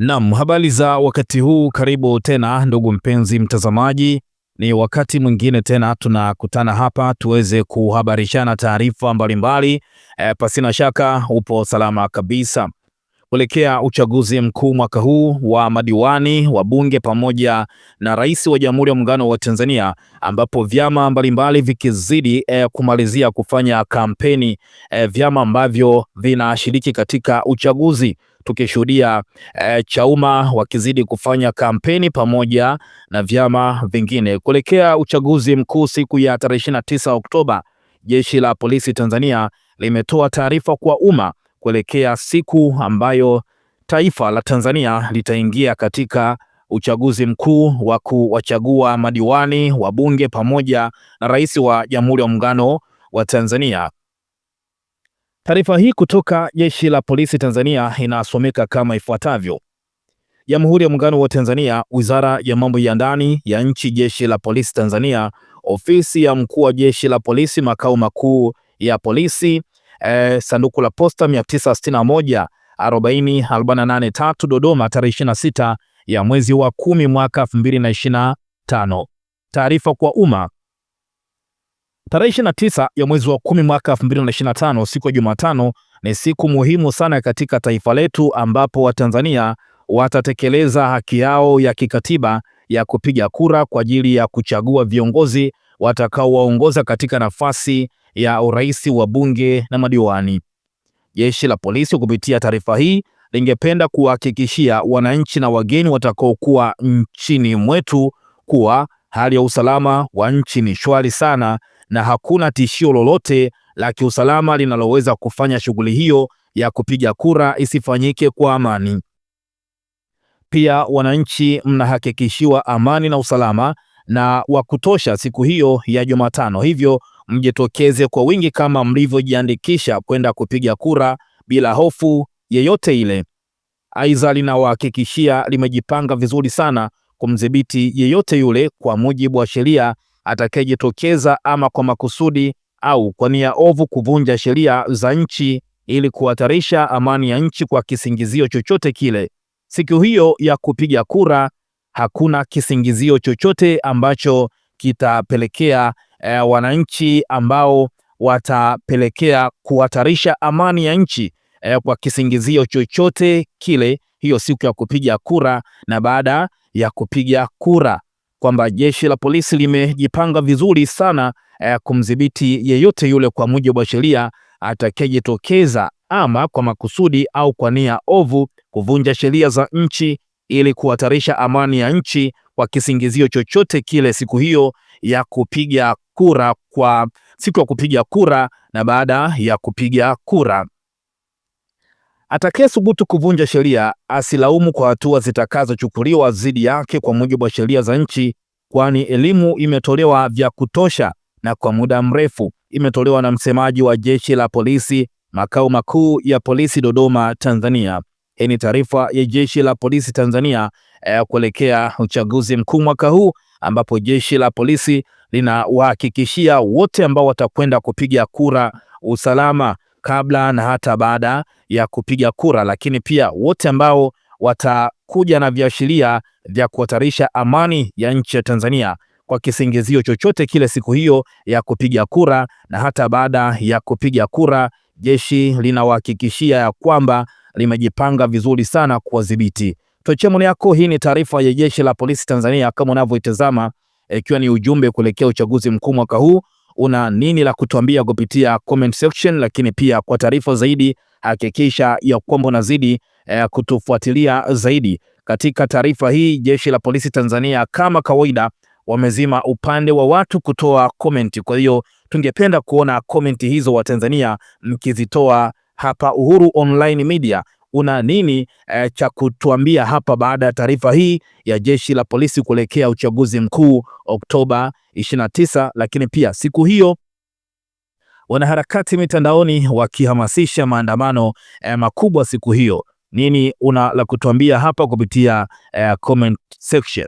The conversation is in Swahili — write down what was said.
Naam, habari za wakati huu, karibu tena ndugu mpenzi mtazamaji. Ni wakati mwingine tena tunakutana hapa tuweze kuhabarishana taarifa mbalimbali. E, pasina shaka upo salama kabisa. Kuelekea uchaguzi mkuu mwaka huu wa madiwani wa bunge pamoja na rais wa Jamhuri ya Muungano wa Tanzania, ambapo vyama mbalimbali vikizidi e, kumalizia kufanya kampeni e, vyama ambavyo vinashiriki katika uchaguzi tukishuhudia eh, Chauma wakizidi kufanya kampeni pamoja na vyama vingine kuelekea uchaguzi mkuu siku ya tarehe 29 Oktoba. Jeshi la Polisi Tanzania limetoa taarifa kwa umma kuelekea siku ambayo taifa la Tanzania litaingia katika uchaguzi mkuu wa kuwachagua madiwani, wabunge pamoja na rais wa Jamhuri ya Muungano wa Tanzania. Taarifa hii kutoka Jeshi la Polisi Tanzania inasomeka kama ifuatavyo: Jamhuri ya Muungano wa Tanzania, Wizara ya Mambo ya Ndani ya Nchi, Jeshi la Polisi Tanzania, Ofisi ya Mkuu wa Jeshi la Polisi, Makao Makuu ya Polisi, eh, Sanduku la Posta 961 Dodoma, tarehe 26 ya mwezi wa 10 mwaka 2025. Taarifa kwa umma. Tarehe 29 ya mwezi wa 10 mwaka 2025, siku ya Jumatano, ni siku muhimu sana katika taifa letu ambapo Watanzania watatekeleza haki yao ya kikatiba ya kupiga kura kwa ajili ya kuchagua viongozi watakaowaongoza katika nafasi ya urais wa bunge na madiwani. Jeshi la polisi kupitia taarifa hii lingependa kuwahakikishia wananchi na wageni watakaokuwa nchini mwetu kuwa hali ya usalama wa nchi ni shwari sana na hakuna tishio lolote la kiusalama linaloweza kufanya shughuli hiyo ya kupiga kura isifanyike kwa amani. Pia wananchi mnahakikishiwa amani na usalama na wa kutosha siku hiyo ya Jumatano, hivyo mjitokeze kwa wingi kama mlivyojiandikisha kwenda kupiga kura bila hofu yeyote ile. Aidha, linawahakikishia limejipanga vizuri sana kumdhibiti yeyote yule kwa mujibu wa sheria atakayejitokeza ama kwa makusudi au kwa nia ovu kuvunja sheria za nchi ili kuhatarisha amani ya nchi kwa kisingizio chochote kile. Siku hiyo ya kupiga kura, hakuna kisingizio chochote ambacho kitapelekea e, wananchi ambao watapelekea kuhatarisha amani ya nchi e, kwa kisingizio chochote kile, hiyo siku ya kupiga kura na baada ya kupiga kura kwamba jeshi la polisi limejipanga vizuri sana eh, kumdhibiti yeyote yule kwa mujibu wa sheria atakayejitokeza ama kwa makusudi au kwa nia ovu kuvunja sheria za nchi ili kuhatarisha amani ya nchi kwa kisingizio chochote kile, siku hiyo ya kupiga kura, kwa siku ya kupiga kura na baada ya kupiga kura. Atakayethubutu kuvunja sheria asilaumu kwa hatua zitakazochukuliwa dhidi yake kwa mujibu wa sheria za nchi, kwani elimu imetolewa vya kutosha na kwa muda mrefu. Imetolewa na msemaji wa jeshi la polisi, makao makuu ya polisi Dodoma, Tanzania. Hii ni taarifa ya jeshi la polisi Tanzania ya eh, kuelekea uchaguzi mkuu mwaka huu, ambapo jeshi la polisi linawahakikishia wote ambao watakwenda kupiga kura usalama kabla na hata baada ya kupiga kura, lakini pia wote ambao watakuja na viashiria vya kuhatarisha amani ya nchi ya Tanzania kwa kisingizio chochote kile siku hiyo ya kupiga kura na hata baada ya kupiga kura, jeshi linawahakikishia ya kwamba limejipanga vizuri sana kuwadhibiti. Tuachie maoni yako. Hii ni taarifa ya jeshi la polisi Tanzania kama unavyoitazama, ikiwa ni ujumbe kuelekea uchaguzi mkuu mwaka huu una nini la kutuambia kupitia comment section, lakini pia kwa taarifa zaidi hakikisha ya kwamba unazidi eh, kutufuatilia zaidi. Katika taarifa hii, jeshi la polisi Tanzania kama kawaida wamezima upande wa watu kutoa comment. Kwa hiyo tungependa kuona comment hizo wa Tanzania mkizitoa hapa Uhuru Online Media una nini e, cha kutuambia hapa baada ya taarifa hii ya jeshi la polisi kuelekea uchaguzi mkuu Oktoba 29? Lakini pia siku hiyo wanaharakati mitandaoni wakihamasisha maandamano eh, makubwa siku hiyo. Nini una la kutuambia hapa kupitia eh, comment section?